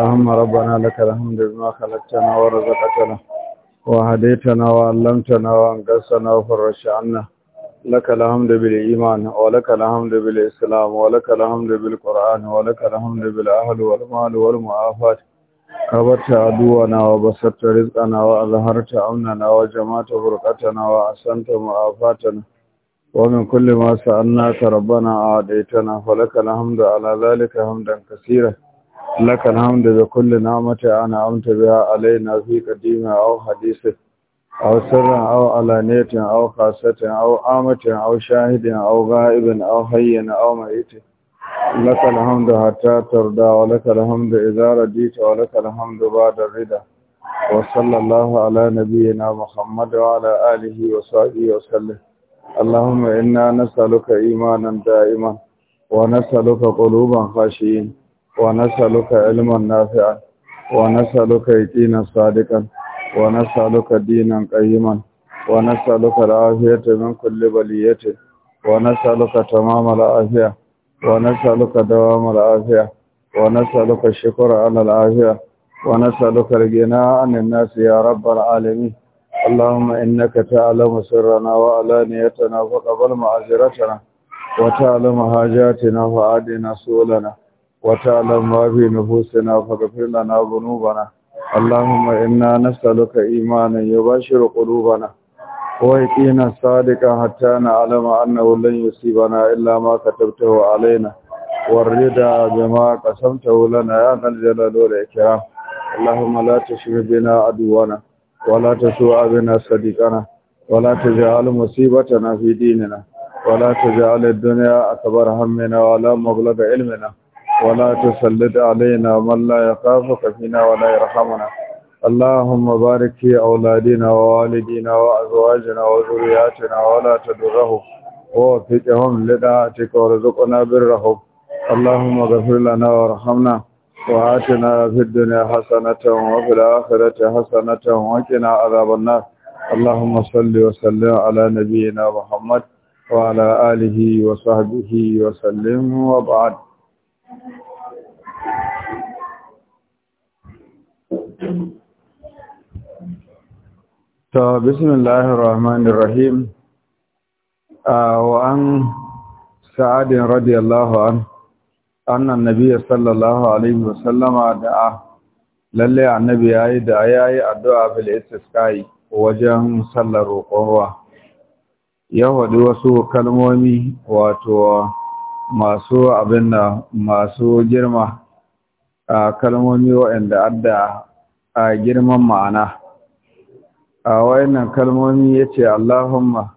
اللهم ربنا لك الحمد بما خلقتنا ورزقتنا وهديتنا وعلمتنا وانقذتنا وفرجت عنا لك الحمد بالإيمان ولك الحمد بالإسلام ولك الحمد بالقرآن ولك الحمد بالأهل والمال والمعافات كبرت عدونا وبسطت رزقنا وأظهرت أمننا وجمعت فرقتنا وأحسنت معافاتنا ومن كل ما سألناك ربنا أعديتنا فلك الحمد على ذلك حمدا كثيرا لك الحمد بكل نعمة أنا أمت بها علينا في قديمة أو حديثة أو سر أو علانية أو خاصة أو آمة أو شاهد أو غائب أو حي أو ميت لك الحمد حتى ترضى ولك الحمد إذا رديت ولك الحمد بعد الرضا وصلى الله على نبينا محمد وعلى آله وصحبه وسلم اللهم إنا نسألك إيمانا دائما ونسألك قلوبا خاشئين ونسألك علما نافعا ونسألك يقينا صادقا ونسألك دينا قيما ونسألك العافية من كل بلية ونسألك تمام العافية ونسألك دوام العافية ونسألك الشكر على العافية ونسألك الجناء عن الناس يا رب العالمين اللهم إنك تعلم سرنا وعلانيتنا فقبل معذرتنا وتعلم حاجاتنا فعدنا سؤلنا وتعلم ما في نفوسنا فاغفر لنا ذنوبنا اللهم إنا نسألك إيمانا يباشر قلوبنا ويقينا صادقا حتى نعلم أنه لن يصيبنا إلا ما كتبته علينا والرضا بما قسمته لنا يا ذا الجلال والإكرام اللهم لا تشغل بنا عدونا ولا تسوء بنا صديقنا ولا تجعل مصيبتنا في ديننا ولا تجعل الدنيا أكبر همنا ولا مبلغ علمنا ولا تسلط علينا من لا يخافك فينا ولا يرحمنا اللهم بارك في أولادنا ووالدينا وأزواجنا وذرياتنا ولا تدرهم ووفقهم لدعاتك وارزقنا برهم اللهم اغفر لنا وارحمنا وآتنا في الدنيا حسنة وفي الآخرة حسنة وقنا عذاب النار اللهم صل وسلم على نبينا محمد وعلى آله وصحبه وسلم وبعد ta bismillahir rahmanir rahim wa an sa'adin radiyallahu an anna nabiyyi sallallahu alaihi wasallama da lalle annabi yayi da yayi addu'a bil istisqai wajen sallar roƙon ya wadu wasu kalmomi wato masu abin masu girma kalmomi waɗanda adda a girman ma'ana a wayannan kalmomi yace Allahumma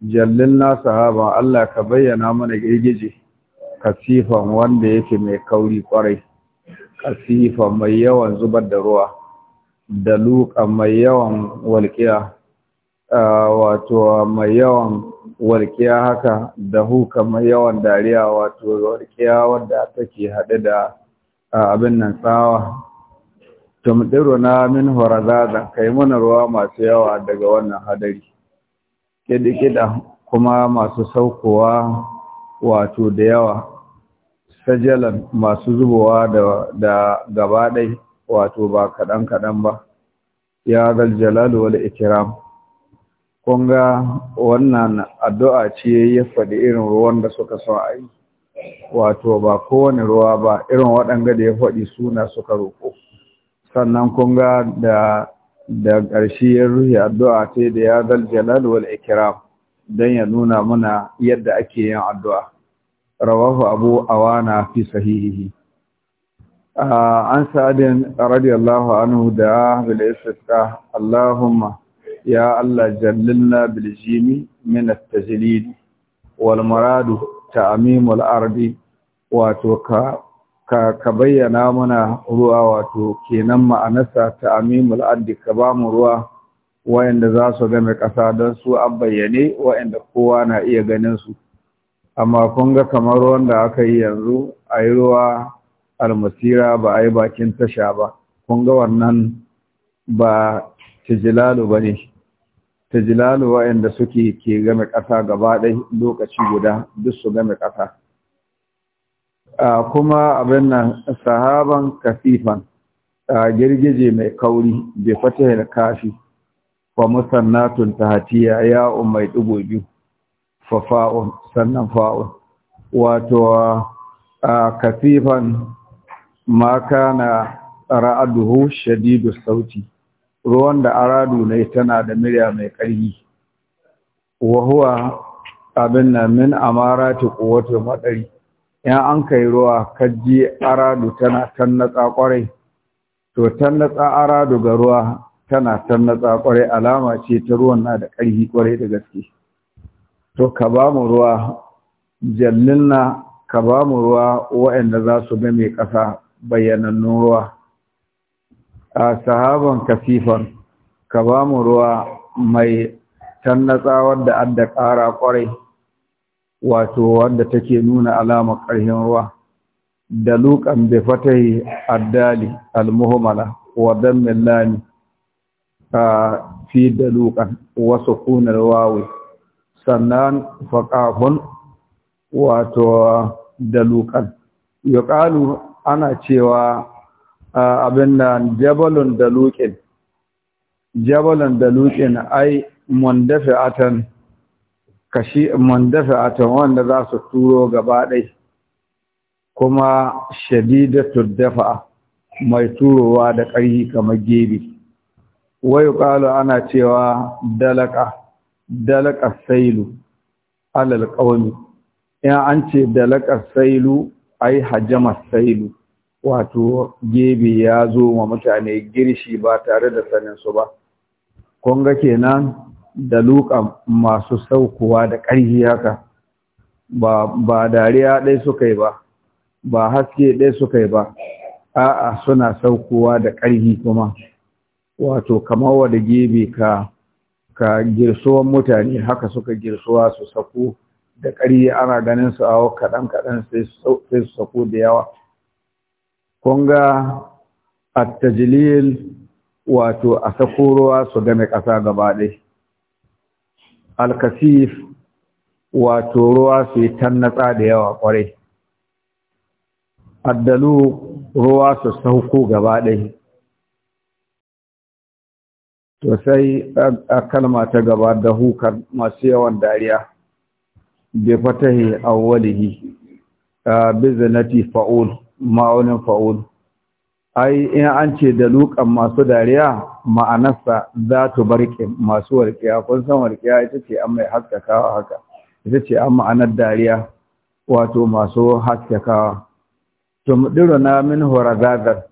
na sahaba Allah ka bayyana mana girgije kasifan wanda yake mai kauri kwarai kasifan mai yawan zubar da ruwa da luka mai yawan walƙiya wato mai yawan walƙiya haka da huka mai yawan dariya wato walƙiya wadda take haɗe da abin nan tsawa tumdiruna min horazada kai mana ruwa masu yawa daga wannan hadari kidikida kuma masu saukowa wato da yawa sajalan masu zubowa da da gaba wato ba kadan kadan ba ya zal jalal wal ikiram, kun ga wannan addu'a ce ya faɗi irin ruwan da suka so a wato ba kowane ruwa ba irin waɗanga da ya faɗi suna suka roƙo sannan kun ga da da ƙarshe ya ruhi addu'a ce da ya zal jalal wal ikram dan ya nuna mana yadda ake yin addu'a rawahu abu awana fi sahihihi an sa'adin radiyallahu anhu da bil istisqa allahumma ya allah jallilna bil jimi min at tajlid wal maradu ta'mim al ardi wato ka ka ka bayyana mana ruwa wato kenan ma'anarsa ta amimul addi ka ba mu ruwa wayanda za su game ƙasa don su an bayyane wayanda kowa na iya ganin su amma kun ga kamar ruwan da aka yi yanzu a yi ruwa almasira ba a yi bakin tasha ba kun ga wannan ba tijilalu ba ne tijilalu wayanda suke ke game ƙasa gaba ɗai lokaci guda duk su game ƙasa kuma abin nan sahaban kafifan girgije mai kauri bai fata da kafi wa musannatun hatiya ya mai dubu biyu fa fa'un sannan fa'un wato a kafifan ma na ra'aduhu shadidu sauti ruwan da aradu ne tana da murya mai ƙarfi wa huwa abin nan min ta quwwatul madari in an kai ruwa kaji aradu tana tannatsa kwarai to tannatsa aradu ga ruwa tana tannatsa kwarai alama ce ta ruwan na da ƙarfi kwarai da gaske to ka ba mu ruwa na ka ba mu ruwa waɗanda za su ga mai ƙasa bayyanannun ruwa a sahaban kasifan ka ba mu ruwa mai natsa wanda an da ƙara kwarai wato wanda take nuna alama ƙarhin ruwa da luƙan bi fatahi addali almuhmala wa dammil a fi da luƙan wasu kunar sannan faƙafun wato da luƙan ana cewa abin nan jabalun da luƙin jabalun da luƙin ai atan. kashi mundafi'atun wanda za su turo gaba ɗai kuma shadidatud dafa'a mai turowa da ƙarfi kamar gebe wayu ƙalu ana cewa dalaka dalaka sailu alal ƙauni in an ce dalaka sailu ai hajama sailu wato gebe ya zo ma mutane girshi ba tare da sanin su ba kun ga kenan da luƙa masu saukowa da ƙarfi haka ba dariya ɗai suka yi ba ba haske ɗai suka yi ba a'a suna saukowa da ƙarfi kuma wato kamar wada gebe ka ka girsuwan mutane haka suka girsuwa su sako da ƙarfi ana ganin su awo kaɗan kaɗan sai su sako da yawa kunga attajilil wato a sako su game ƙasa gaba ɗaya alkasif wato ruwa su yi tannatsa da yawa kwarai addalu ruwa su sauko gaba ɗaya to sai a kalma ta gaba da hukar masu yawan dariya bi a walihi. A bizanati fa'ul ma'aunin fa'ul ai in an ce da lukan masu dariya ma'anarsa za ta barke masu warkiya kun san warkiya ita ce an mai haskakawa haka ita ce an ma'anar dariya wato masu haskakawa tumdiru na min horazazar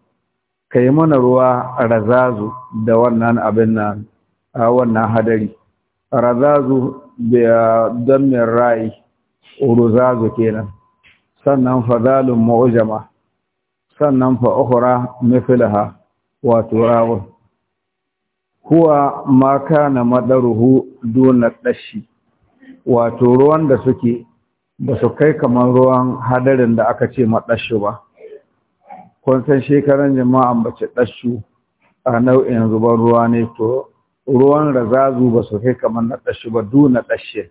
ka yi mana ruwa razazu da wannan abin nan a wannan hadari razazu don min rai uruzazu kenan sannan fazalun mu'jama sannan fa ukhra mithlaha wa turawu huwa ma kana madaruhu duna dashi wato ruwan da suke ba su kai kamar ruwan hadarin da aka ce ma madashi ba kun san shekaran jama'an bace dashu a nau'in zuban ruwa ne to ruwan razazu ba su kai kamar na dashi ba duna dashi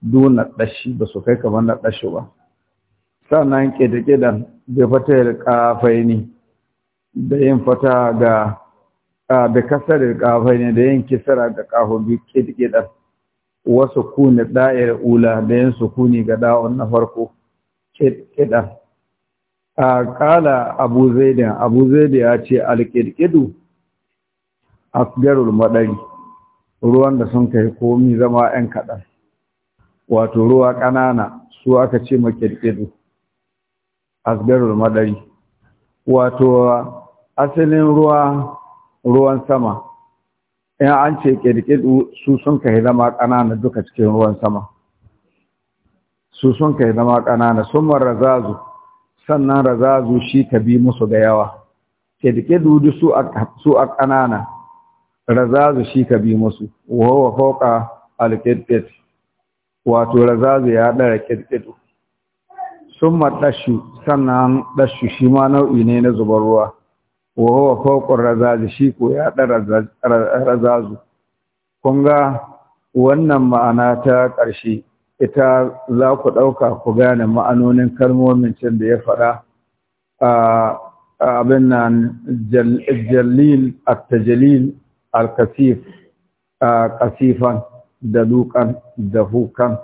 duna dashi ba su kai kamar na dashi ba sannan ƙidaƙidan da fatayar ne da yin fata ga da kasarar ƙafaini da yin kisara ga ƙahobi ƙidaƙidan wasu kuni ɗa'ir ula da yin sukuni ga da'on na farko ƙidaƙidan a ƙala abu zaidan abu zaidan ya ce alƙidaƙidu a garul maɗari ruwan da sun kai komi zama ‘yan kaɗan wato ruwa ƙanana su aka ce ma ƙirƙidu asgarul madari wato asalin ruwa ruwan sama in an ce kirkidu su sun kai zama ƙanana duka cikin ruwan sama su sun kai zama ƙanana sun razazu sannan razazu shi ka bi musu da yawa kirkidu duk su a ƙanana razazu shi ka bi musu wawa fauka alkirkid wato razazu ya ɗara kirkidu sun maɗashu sannan ɗashu shi ma nau'i ne na zubar ruwa wa huwa fawqur razazi shi ko ya da razazu kun ga wannan ma'ana ta ƙarshe ita za ku ɗauka ku gane ma'anonin kalmomin can da ya faɗa a abin nan jalil at-tajlil al-kasif kasifan da dukan da hukan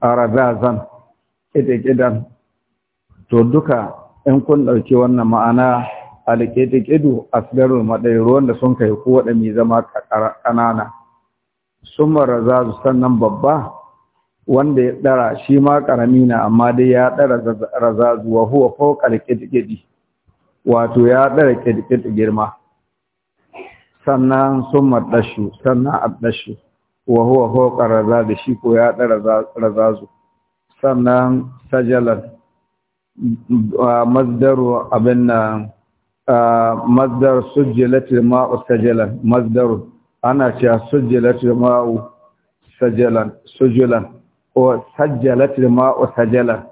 a razazan ƙidan, to duka in kun ɗauki wannan ma'ana alƙidiƙidu asgarul maɗai ruwan da sun kai ko waɗanda zama ƙanana sun za su sannan babba wanda ya ɗara shi ma ƙarami na amma dai ya ɗara razazu wa huwa fawqa alqidqidi wato ya ɗara ƙidƙid girma sannan sun maɗashu sannan addashu wa huwa fawqa razazu shi ko ya ɗara razazu sannan sajalar masdaru abin na masdar sujjilatul ma'u sajalan masdaru ana cewa sujjilatul ma'u sajalan sujulan ko sajjalatul ma'u sajalan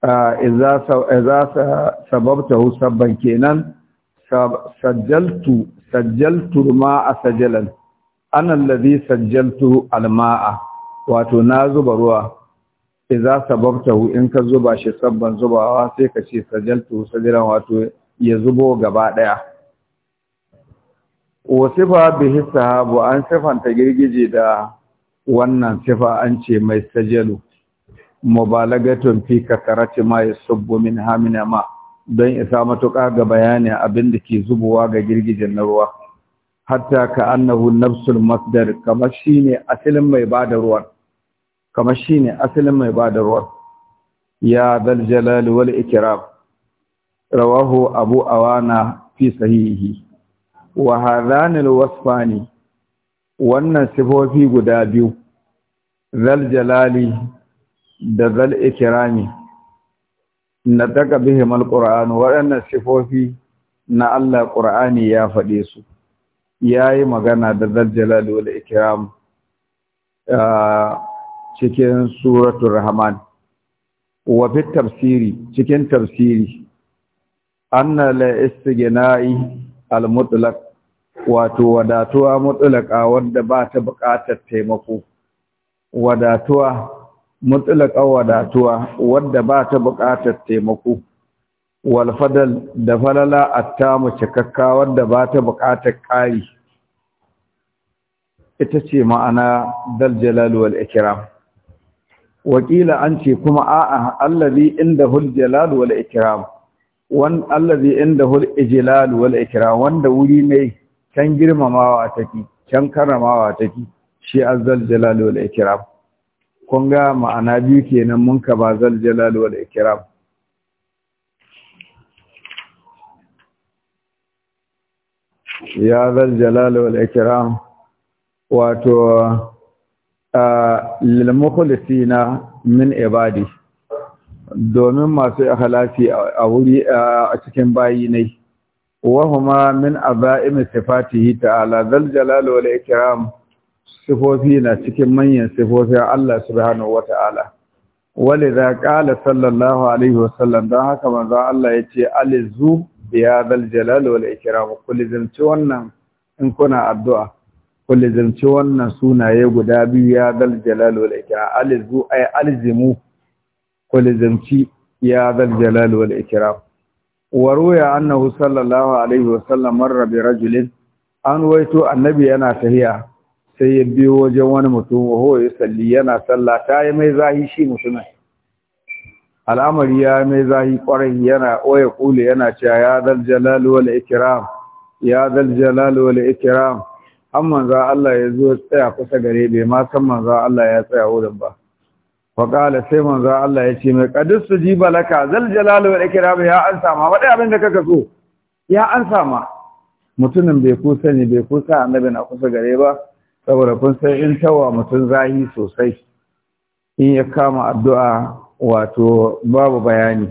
sababta sababtahu sabban kenan sajjaltu sajjaltu ma'a sajalan ana alladhi sajjaltu alma'a wato na zuba ruwa iza sababtahu in ka zuba shi sabban zubawa sai ka ce sajaltu sajiran wato ya zubo gaba daya sifa bihi sahabu an sifanta girgije da wannan sifa an ce mai sajalu mubalagatun fi kasarati ma yasubbu min hamina ma don isa matuƙa ga bayanin abin da ke zubowa ga girgijen na ruwa hatta ka annahu nafsul masdar kamar shine asalin mai bada ruwan kamar shine asalin mai bada ruwan ya dal jalal wal ikram rawahu abu awana fi sahihi wa hadhan wasfani wannan sifofi guda biyu zal jalali da zal ikrami na daga bihim al waɗannan sifofi na Allah qur'ani ya faɗe su ya yi magana da zaljalali wani ikiram, cikin suratun rahman wa tafsiri cikin tafsiri anna la istighna'i al mutlaq wato wadatuwa mutlaqa wanda ba ta buƙatar taimako wadatuwa mutlaqa wadatuwa wanda ba ta buƙatar taimako walfadal da falala mu cikakka wadda ba ta buƙatar ƙari ita ce ma'ana dal jalal wal ikram wakila an ce kuma a'a allazi inda hul jalal wal ikram wan allazi inda hul ijlal wal ikram wanda wuri ne can girmamawa take can karamawa take shi azzal jalal wal ikram kun ga ma'ana biyu kenan mun ka ba zal jalal wal ikram ya zal jalal wal ikram wato lil mukhlisina min ibadi domin masu ikhlasi a wuri a cikin bayi ne wahuma min azaim sifatihi ta'ala zal jalal wal ikram sifofi na cikin manyan sifofi Allah subhanahu wata'ala wale da qala sallallahu alaihi wasallam dan haka manzo Allah yace alizu ya dal jalal wal ikram kulli zimci wannan in kuna addu'a kulli zimci wannan sunaye guda biyu ya dal jalal wal ikram alizu ay alzimu kulli zimci ya dal jalal wal ikram wa ruya annahu sallallahu alaihi wa sallam marra bi rajulin an waito annabi yana tahiya sai ya biyo wajen wani mutum wa huwa yusalli yana sallah ta yi mai zahi shi mutumin al'amari ya mai zahi kwarai yana oya kule yana cewa ya zal jalal wal ikram ya zal jalal wal ikram an manza Allah ya zo tsaya kusa gare bai ma san manza Allah ya tsaya wurin ba fa qala sai manza Allah ya ce mai qadis sujiba laka zal jalal wal ikram ya ansa ma wadai abin da kaka so ya ansa ma mutumin bai kusa ne bai kusa annabi na kusa gare ba saboda kun sai in tawa mutum zahi sosai in ya kama addu'a wato babu bayani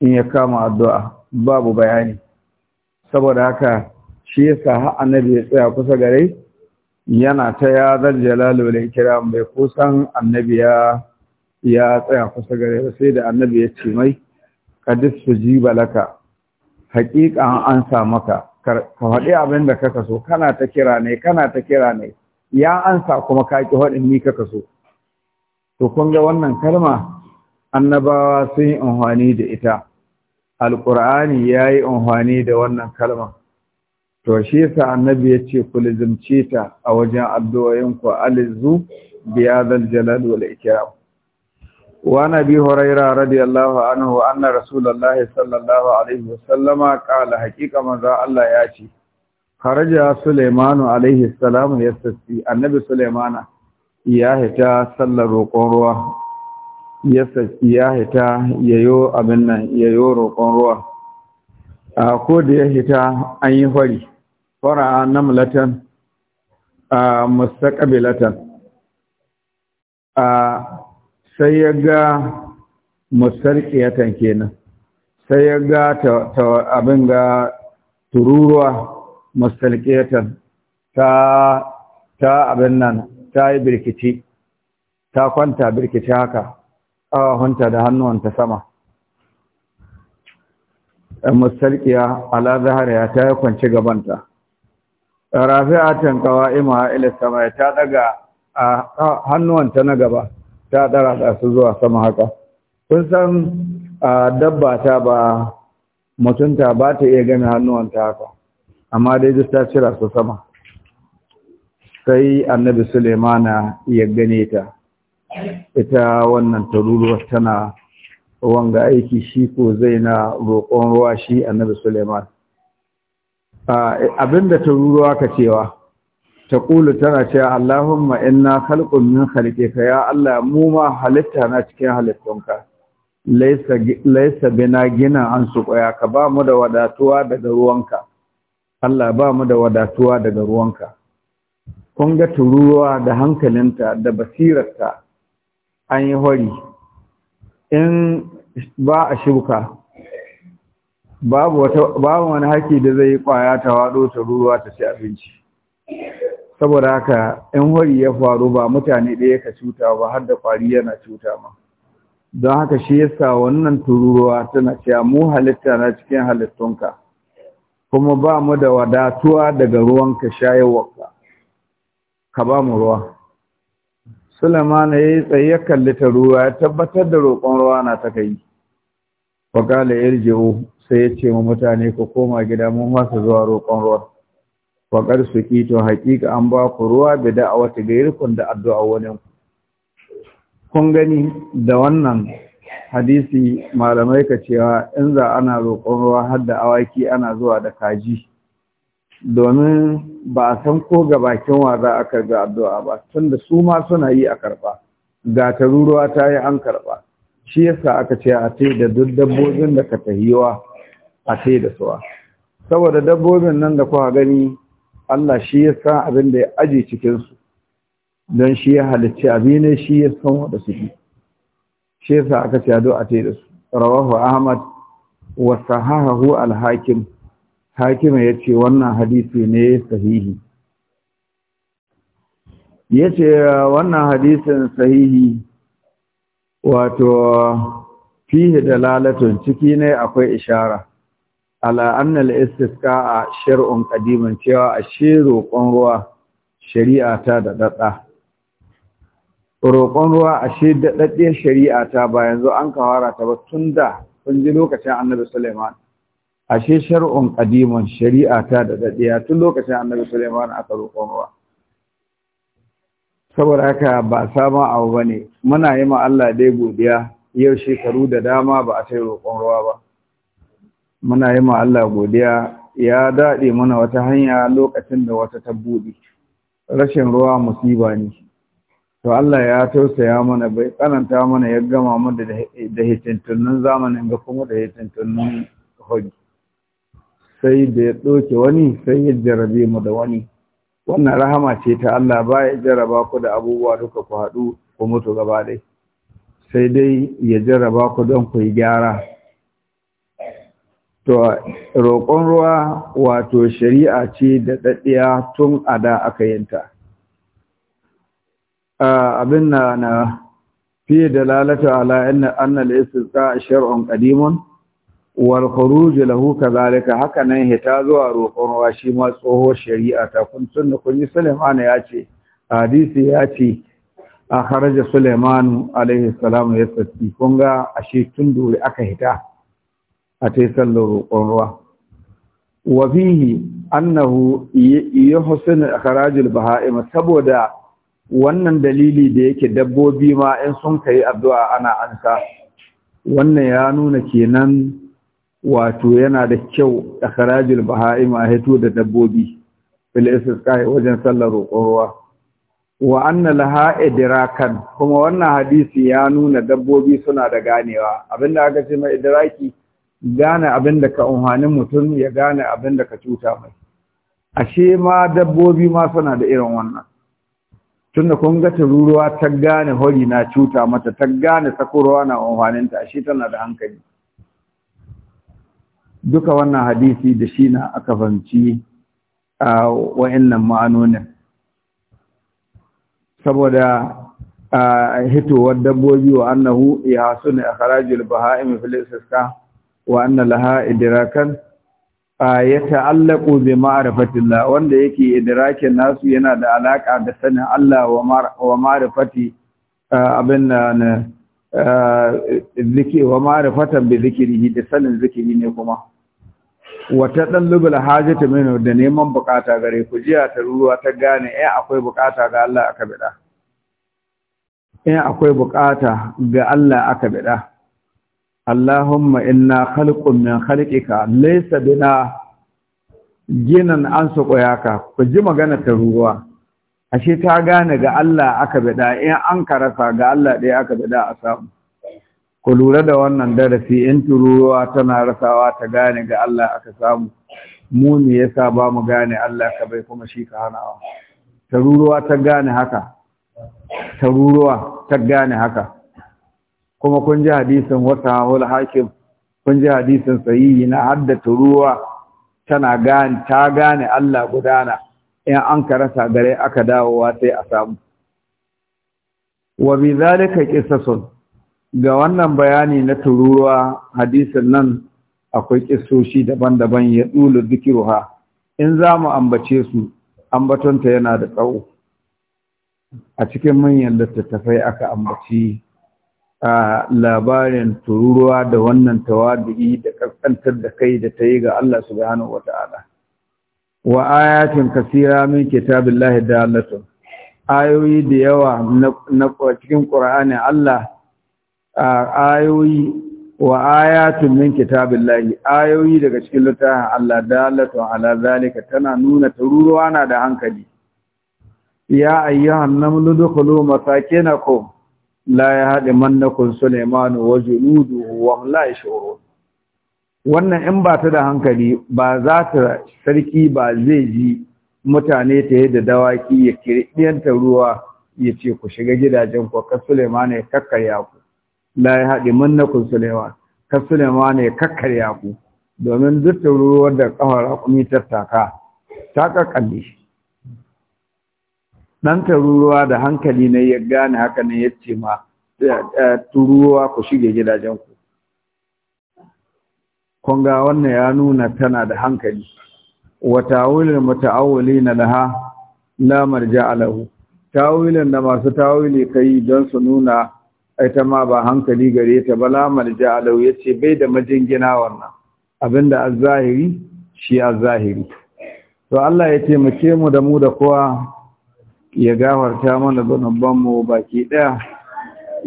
in ya kama addu'a babu bayani saboda haka shi yasa har annabi ya tsaya kusa gare yana ta ya zal jalalu kira ikram bai kusan annabi ya ya tsaya kusa gare sai da annabi ya ce mai qadis sujiba laka haqiqa an sa maka ka faɗi abin da kaka so kana ta kira ne kana ta kira ne ya ansa kuma ka ki faɗin ni kaka so to ga wannan kalma annabawa sun yi unhwani da ita alƙur'ani ya yi unhwani da wannan kalma to shi yasa annabi ya ce ku lizimce ta a wajen addu'o'inku alizu biya zal jalal wal ikram wa nabi huraira radiyallahu anhu anna rasulullahi sallallahu alaihi wasallam qala haqiqa manzo allah ya ce kharaja sulaiman alaihi salam yastasi annabi sulaimana ya hita sallar roƙon ruwa ya hita yayo abin nan yayo roƙon ruwa a ko da ya hita an yi hori fara mulatan a mustaqbilatan a sai ya ga mustarqiyatan kenan sai ya ga ta abin ga tururuwa mustarqiyatan ta ta abin nan ta yi birkici ta kwanta birkici haka ƙawahunta da hannuwanta sama mustalkiya ala zahariya ta yi kwanci gabanta rafi'atan qawa'ima ila samai ta daga hannuwanta na gaba ta dara da su zuwa sama haka kun san dabba ta ba mutunta ba ta iya gani hannuwanta haka amma dai ta cira su sama sai annabi Sulemana ya gane ta ita wannan taruruwar tana wanga aiki shi ko zai na roƙon ruwa shi annabi Suleiman abinda taruruwa ka cewa ta ƙulu tana cewa Allahumma inna khalqun min khalqika ya Allah mu ma halitta na cikin halittunka laisa laisa bina gina an su ƙwaya ka ba mu da wadatuwa daga ruwanka Allah ba mu da wadatuwa daga ruwanka kun ga turuwa da hankalinta da basirarta an yi hori in ba a shuka babu wani haƙi da zai ƙwaya ta waɗo turuwa ta ci abinci saboda haka in hori ya faru ba mutane ɗaya ka cuta ba har da ƙwari yana cuta ma don haka shi yasa wannan tururuwa tana cewa mu halitta na cikin halittunka kuma ba mu da wadatuwa daga ruwanka shayarwarka ka ba mu ruwa Suleiman ya yi tsaye ya kalli ta ruwa ya tabbatar da roƙon ruwa na ta kai wakala yarji'u sai ya ce wa mutane ku koma gida mun fasa zuwa roƙon ruwa faƙar su to haƙiƙa an ba ku ruwa bi wata gairikun da addu'a wani kun gani da wannan hadisi malamai ka cewa in za ana roƙon ruwa har da awaki ana zuwa da kaji domin ba a san ko ga bakin wa za a karga addu'a ba tunda su ma suna yi a karba ga ta ruruwa ta yi an karba shi yasa aka ce a ce da duk dabbobin da ka tahiwa a ce da suwa saboda dabbobin nan da kuka gani Allah shi ya san abin da ya aje cikinsu don shi ya halicci abi ne shi ya san wanda suke shi yasa aka ce a do a ce da su rawahu ahmad wa sahahu al-hakim Hakima ya ce wannan hadisi ne sahihi ya ce wannan hadisin sahihi wato fihi lalatun ciki ne akwai ishara ala annal a shar'un qadiman cewa ashe roƙon ruwa shari'a ta da dadda roƙon ruwa a shi daɗaɗɗe shari'a ta ba yanzu an kawara ta ba tun da kun ji lokacin Annabi Suleiman. ashe shar'un qadimun shari'a ta da ya tun lokacin annabi Sulaiman aka roƙo ruwa saboda haka ba sabon abu bane muna yi ma Allah dai godiya yau shekaru da dama ba a sai roƙon ruwa ba muna yi ma Allah godiya ya daɗe mana wata hanya lokacin da wata ta buɗe rashin ruwa musiba ne to Allah ya tausaya mana bai tsananta mana ya gama mu da hitintunnun zamanin ga kuma da hitintunnun hoji sai da ya ɗauke wani sai ya jarabe mu da wani wannan rahama ce ta Allah ba ya jaraba ku da abubuwa duka ku haɗu ku mutu gaba ɗai sai dai ya jaraba ku don ku yi gyara to roƙon ruwa wato shari'a ce da ɗaɗɗiya tun a da aka yinta abin na na fiye da lalata ala annal a shar'un qadimun wal khuruj lahu kadhalika haka hita zuwa roƙon ruwa shi ma tsoho shari'a ta kun da kun yi Sulaiman ya ce hadisi ya ce a kharaja Sulaiman alaihi salam ya tsaki kun ga ashe tun dole aka hita a tai sallar roƙon ruwa wa fihi annahu yuhsin kharaj al baha'im saboda wannan dalili da yake dabbobi ma in sun kai addu'a ana ansa wannan ya nuna kenan wato yana da kyau a karajin bahai a haito da dabbobi filisis kai wajen sallar roƙon Wa wa anna laha dirakan kuma wannan hadisi ya nuna dabbobi suna da ganewa abinda aka ce mai diraki gane abinda ka umhanin mutum ya gane abinda ka cuta mai ashe ma dabbobi ma suna da irin wannan tunda kun ga tururuwa ta gane hori na cuta mata ta gane sakurwa na umhaninta ashe tana da hankali duka wannan hadisi da shi na aka fahimci a wa'annan ma'anonin saboda a hitowar dabbobi wa annahu ya hasu ne a karajul baha'im filistiska wa anna laha idirakan a ya ta'allaku bi ma'rifatillah wanda yake idirakin nasu yana da alaƙa da sanin Allah wa ma'rifati abin na zike wa bi zikiri da sanin zikiri ne kuma wata ɗan dan hajji ta minu da neman bukata gare ku jiya ta ruwa ta gane eh akwai bukata ga Allah aka bida eh akwai bukata ga Allah aka bida Allahumma ina khalqun min khalqika laysa bina ginan an su koyaka ku ji magana ta ruwa ashe ta gane ga Allah aka bida in an karasa ga Allah ɗaya aka bida a samu ku lura da wannan darasi in tururuwa tana rasawa ta gane ga Allah aka samu mu ne yasa ba mu gane Allah ka bai kuma shi ka hanawa taruruwa ta gane haka taruruwa ta gane haka kuma kun ji hadisin wata hul hakim kun ji hadisin sahihi na hadda tururuwa tana gane ta gane Allah gudana in an ka rasa gare aka dawowa sai a samu wa bi zalika qisasun ga wannan bayani na tururuwa hadisin nan akwai kisoshi daban-daban ya dulu zikiruha in za mu ambace su ambatonta yana da tsawo a cikin manyan littattafai aka ambaci a labarin tururuwa da wannan tawadu'i da kaskantar da kai da ta yi ga Allah subhanahu wa ta'ala wa ayatin kasira min kitabillahi dalatun ayoyi da yawa na cikin ƙura'ani Allah ayoyi wa ayatun min kitabillahi ayoyi daga cikin littafin Allah dalatu ala zalika tana nuna taruruwa na da hankali ya ayyuhan namlu dukhulu masakinakum la mannakum sulaiman wa junuduhu wa la yashurun wannan in ba ta da hankali ba za ta sarki ba zai ji mutane ta yadda dawaki ya kirɗiyanta ruwa ya ce ku shiga gidajen ku ka Suleiman ya kakkarya ku la ya haɗe mannakun sulewa ka suleiman ya kakkarya ku domin duk ruruwar da ƙawar raƙumi tattaka ta ƙaƙalle shi ɗan taruruwa da hankali na ya gane haka ne ya ce ma eh, eh, tururuwa ku shige gidajen ku. kunga wannan ya nuna tana da hankali wa tawilin muta'awwilina laha la marja'a lahu tawilin da masu tawili kai don su nuna ita ma ba hankali gare ta bala marja alau ya ce bai da majingina wannan abinda a zahiri shi a zahiri to Allah ya taimake mu da mu da kowa ya gafarta mana mu baki daya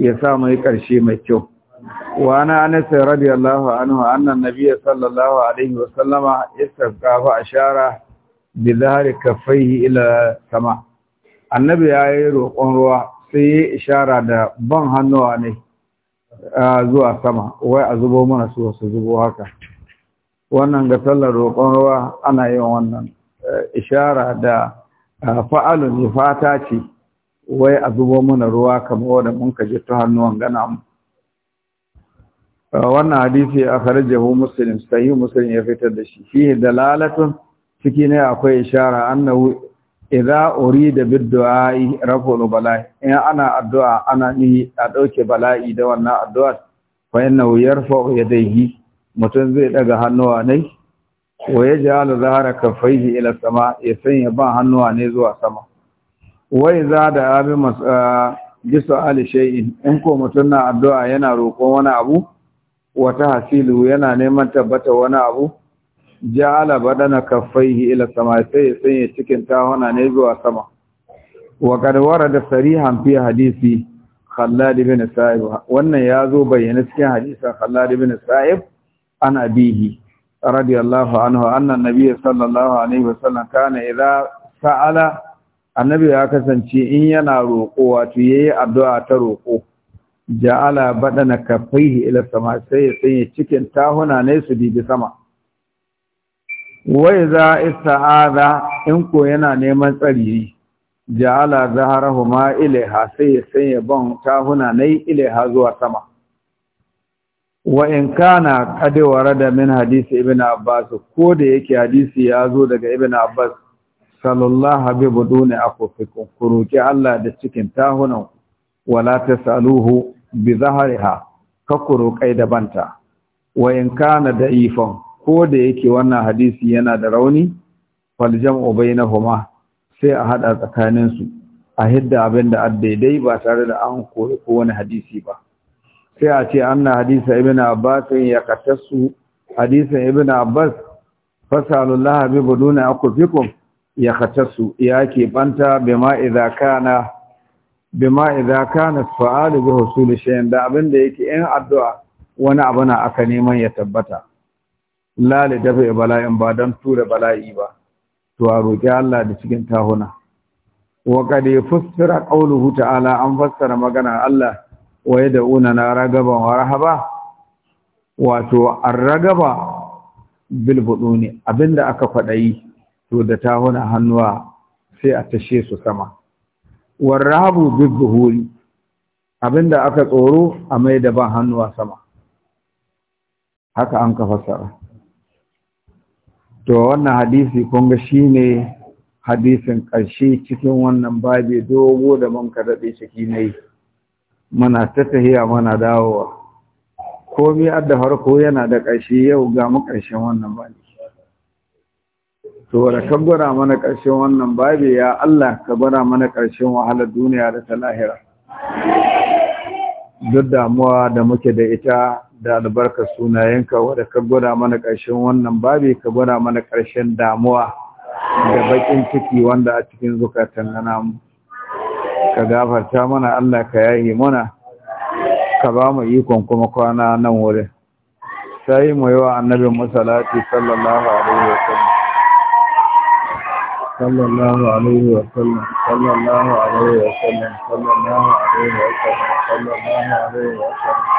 ya sa mai karshe mai kyau wa ana anas radiyallahu anhu anna nabiyya sallallahu alaihi wa sallama fa ashara bi dhahri kaffaihi ila sama annabi yayi roƙon ruwa sai ya ishara da ban hannuwa ne zuwa sama wai a zubo mana su wasu zubo haka wannan ga tallar roƙon ruwa ana yin wannan e, ishara da fa’alun ne fata ce wai a zubo mana ruwa kamar wadda mun kaji ta hannuwan gana mu wannan hadisi a kharajahu musulun sayi musulun ya fitar da shi shi dalalatun ciki ne akwai ishara annahu idza urida bid-du'a'i rafu bala'i in ana addu'a ana ni a dauke bala'i da wannan addu'a fa innahu yarfa'u yadayhi mutun zai daga hannuwa ne wa yaj'alu zahara kaffayhi ila sama ya sanya ba hannuwa ne zuwa sama wa idza da'a bi bisa ali shay'in in ko mutun na addu'a yana roƙon wani abu wa tahsilu yana neman tabbata wani abu ja'ala badana kaffaihi ila sama sai ya sanya cikin tahona ne zuwa sama wa qad warada sarihan fi hadisi Khallad ibn Sa'ib wannan ya zo bayyana cikin hadisin Khallad ibn Sa'ib an abihi radiyallahu anhu anna an-nabiy sallallahu alaihi wasallam kana idza sa'ala annabi ya kasance in yana roƙo wato yayi addu'a ta roƙo ja'ala badana kaffaihi ila sama sai ya sanya cikin tahona ne su bibi sama wai za ista'aza in ko yana neman tsari ja'ala zaharahu ma ilaiha sai ya sanya ban tahuna nai ilaiha zuwa sama wa in kana qad warada min hadisi ibn abbas ko da yake hadisi ya zo daga ibn abbas sallallahu habibu dune aku ku kuruki Allah da cikin tahunan wala tasaluhu bi zahariha ka kuru kai da banta wa in kana da'ifan ko da yake wannan hadisi yana da rauni obai na bainahuma sai a hada tsakanin su a hidda abin da daidai ba tare da an koyi ko wani hadisi ba sai a ce anna hadisa Ibn abbas ya kattasu hadisin ibnu abbas fasalullah bi buduna akufikum ya kattasu ya ke banta bima idza kana bima idza kana su'alu bi husul shay'in da abin da yake in addu'a wani abu na aka neman ya tabbata lale dafa bala'in ba don tura bala'i ba to a roƙi Allah da cikin tahuna wa qad fussira qawluhu ta'ala an fassara magana Allah wa una na ragaban wa rahaba wato an ragaba ne, abin abinda aka yi to da tahuna hannuwa sai a tashe su sama war rahabu bil abin abinda aka tsoro a mai da ban hannuwa sama haka an ka fassara to wannan hadisi kun ga shine hadisin ƙarshe cikin wannan babi dogo da man ka daɗe ciki yi mana ta tahiya mana dawowa komi adda farko yana da ƙarshe yau ga mu ƙarshen wannan babi to da ka gwada mana ƙarshen wannan babi ya Allah ka gwada mana ƙarshen wahalar duniya da ta lahira duk damuwa da muke da ita da albarka sunayenka wadda ka gwada mana ƙarshen wannan babi ka gwada mana ƙarshen damuwa da bakin ciki wanda a cikin zukatan na mu ka gafarta mana Allah ka yayi mana ka ba mu ikon kuma kwana nan wurin sai mu yi wa annabin masalati sallallahu alaihi wa sallam sallallahu alaihi wa sallam sallallahu alaihi wa sallam sallallahu alaihi wa sallam sallallahu alaihi wa sallam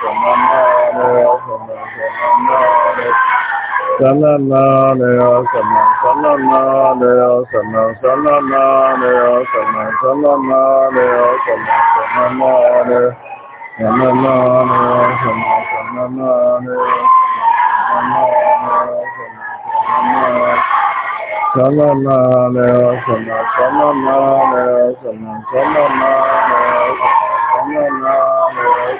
သမ္မာနေယောသမ္မာသမ္မာနေသမ္မာနေယောသမ္မာသမ္မာနေယောသမ္မာသမ္မာနေယောသမ္မာသမ္မာနေယောသမ္မာသမ္မာနေသမ္မာနေယောသမ္မာသမ္မာနေသမ္မာနေယောသမ္မာသမ္မာနေသမ္မာနာမေယောသမ္မာသမ္မာနာမေယောသမ္မာသမ္မာနာမေယောသမ္မာနာ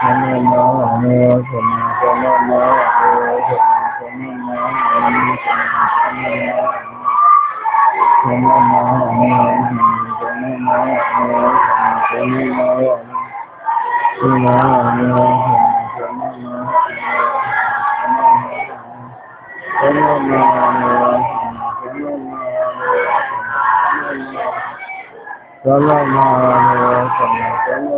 nam mô a di đà phật nam mô a di đà phật nam mô a di đà phật nam mô a di đà phật nam mô a di đà phật nam mô a di đà phật nam mô a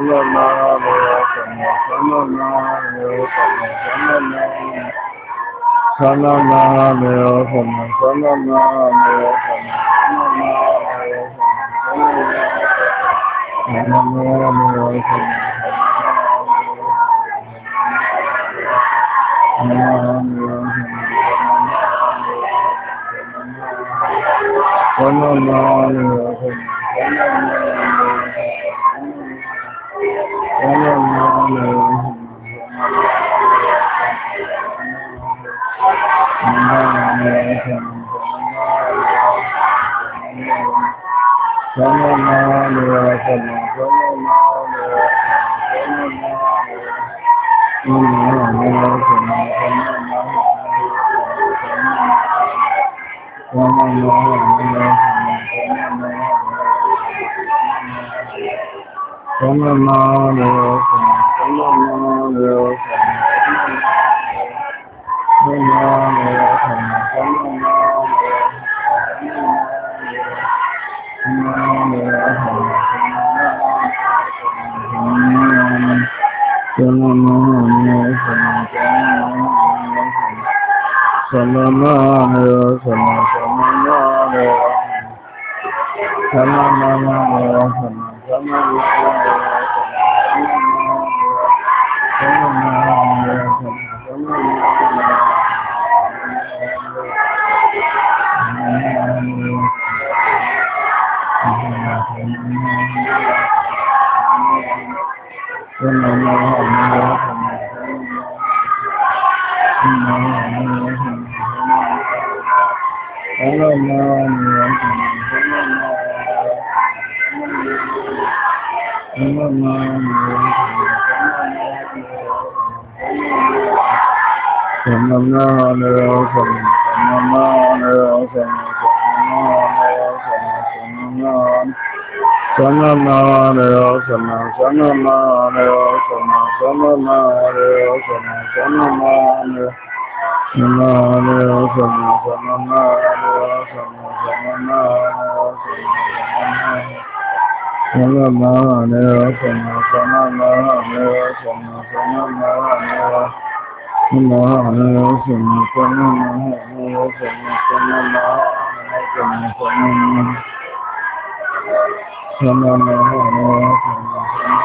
Sanana, Sama-sama,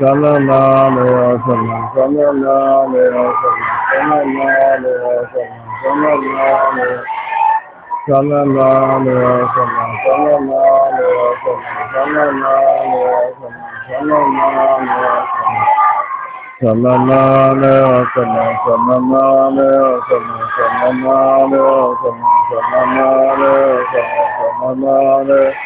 သမ္မာနာမယောသမ္မာသမ္မာနာမယောသမ္မာသမ္မာနာမယောသမ္မာသမ္မာနာမယောသမ္မာနာမယောသမ္မာသမ္မာနာမယောသမ္မာသမ္မာနာမယောသမ္မာသမ္မာနာမယောသမ္မာနာမယောသမ္မာသမ္မာနာမယောသမ္မာသမ္မာနာမယောသမ္မာသမ္မာနာမယောသမ္မာသမ္မာနာမယော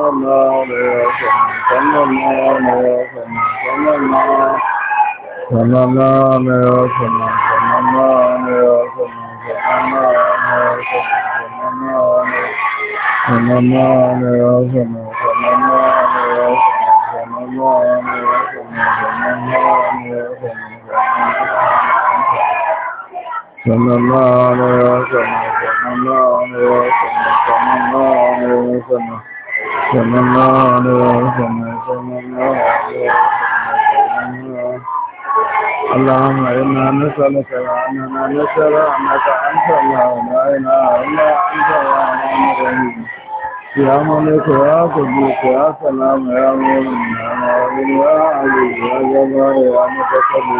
Sanannan Allah ya sanar, sanannan Allah ya sanar, sanannan Allah ya sanar, sanannan Allah ya sanar, sanannan Allah ya sanar, sanannan Allah ya sanar, sanannan Allah ya sanar, sanannan Allah ya sanar, sanannan Allah ya sanar, sanannan Allah ya sanar, sanannan Allah သမဏောသမသမဏောအလ္လာဟ်မရနာနဆလကရာနာနာနဆရာနာကအန်ဆလာလာနာအလ္လာဟ်အန်ဆလာနာမရဟီယာမလေခရာကိုဒီခရာဆလာမရာမောနာဝိလာအလ္လာဟ်ရာဇာရာမတဆလီ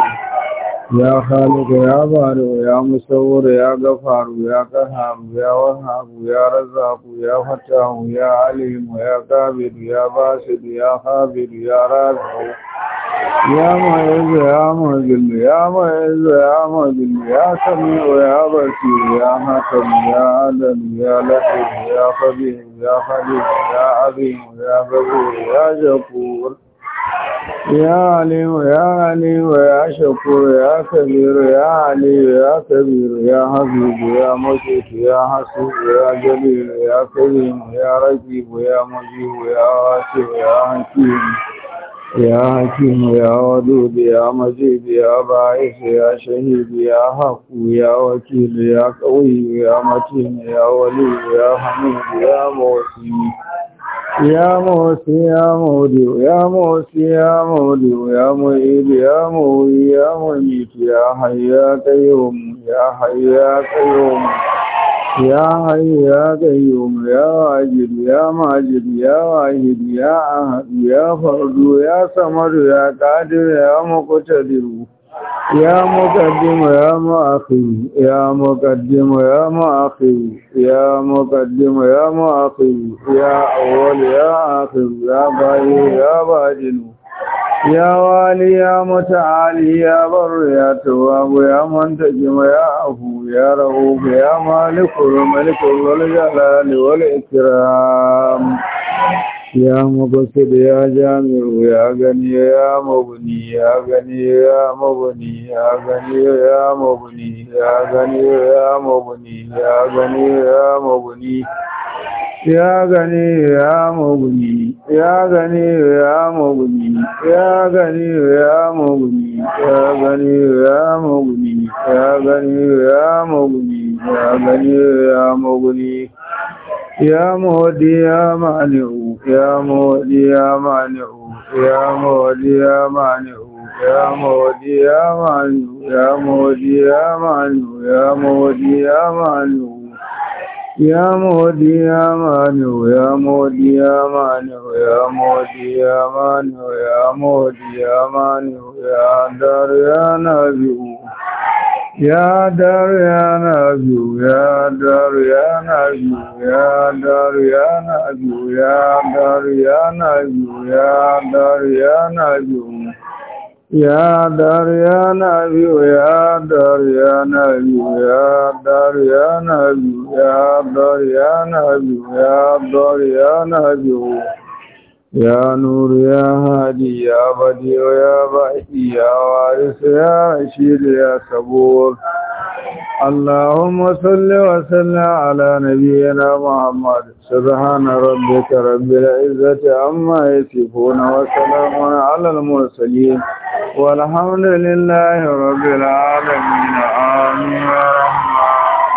ya khaliqu ya baro ya musawwir ya ghafaru ya qahhar ya wahhab ya razzaq ya fatah ya alim ya qabid ya basit ya habib ya razzaq ya mu'izz ya mu'izz ya mu'izz ya mu'izz ya sami'u ya basir ya hakim ya alim ya latif ya khabir ya khaliq ya azim ya ghafur ya ghafur ya hane ya hane ya shekwuo ya fe ya hane ya fe ya hazi ya mako ya hasu ya jebe ya toro ya rage ya maji ya hake ya haki ya wadudu ya maji ya ba ya shehi ya haku ya wakilu ya kawai ya mace ya wale ya hami ya gba ya mosi ya mudi ya mosi ya mudi ya muhibi ya muhi ya mumiti ya hayya ya hayya ya hayya ya wajid ya majid ya wahid ya ahad ya fardu ya samadu ya qadir ya muqtadir يا مقدم يا مؤخر يا مقدم يا مؤخر يا مقدم يا مؤخر يا أول يا آخر يا باري يا باجن يا والي يا متعالي يا بر يا تواب يا من منتجم يا أفو يا رؤوف يا مالك الملك والجلال والإكرام يا مقصد يا جامع يا غني يا مبني يا غني يا مبني يا غني يا مبني يا غني يا مبني يا غني يا مبني ya gani ya mugumi ya gani ya ya gani ya mugumi ya gani ya mugumi ya gani ya mugumi ya gani ya mugumi ya modi ya maniu ya modi ya maniu ya modi ya ya modi ya maniu ya ya maniu ya modi ya يا مودي يا مانو يا مودي يا مانو يا مودي يا مانو يا مودي يا مانو يا دار يا نبي يا دار يا نبي يا دار يا نبي يا دار يا نبي يا دار يا نبي يا دار يا نبي Ya Daryana Nabi, Ya Daryana Nabi, Ya Daryana Nabi, Ya Daryana Nabi, Ya Daryana Nabi. يا نور يا هادي يا بديع يا بائي يا وارث يا عشير يا سبور اللهم صل وسلم على نبينا محمد سبحان ربك رب العزة عما يصفون وسلام على المرسلين والحمد لله رب العالمين آمين يا رحمن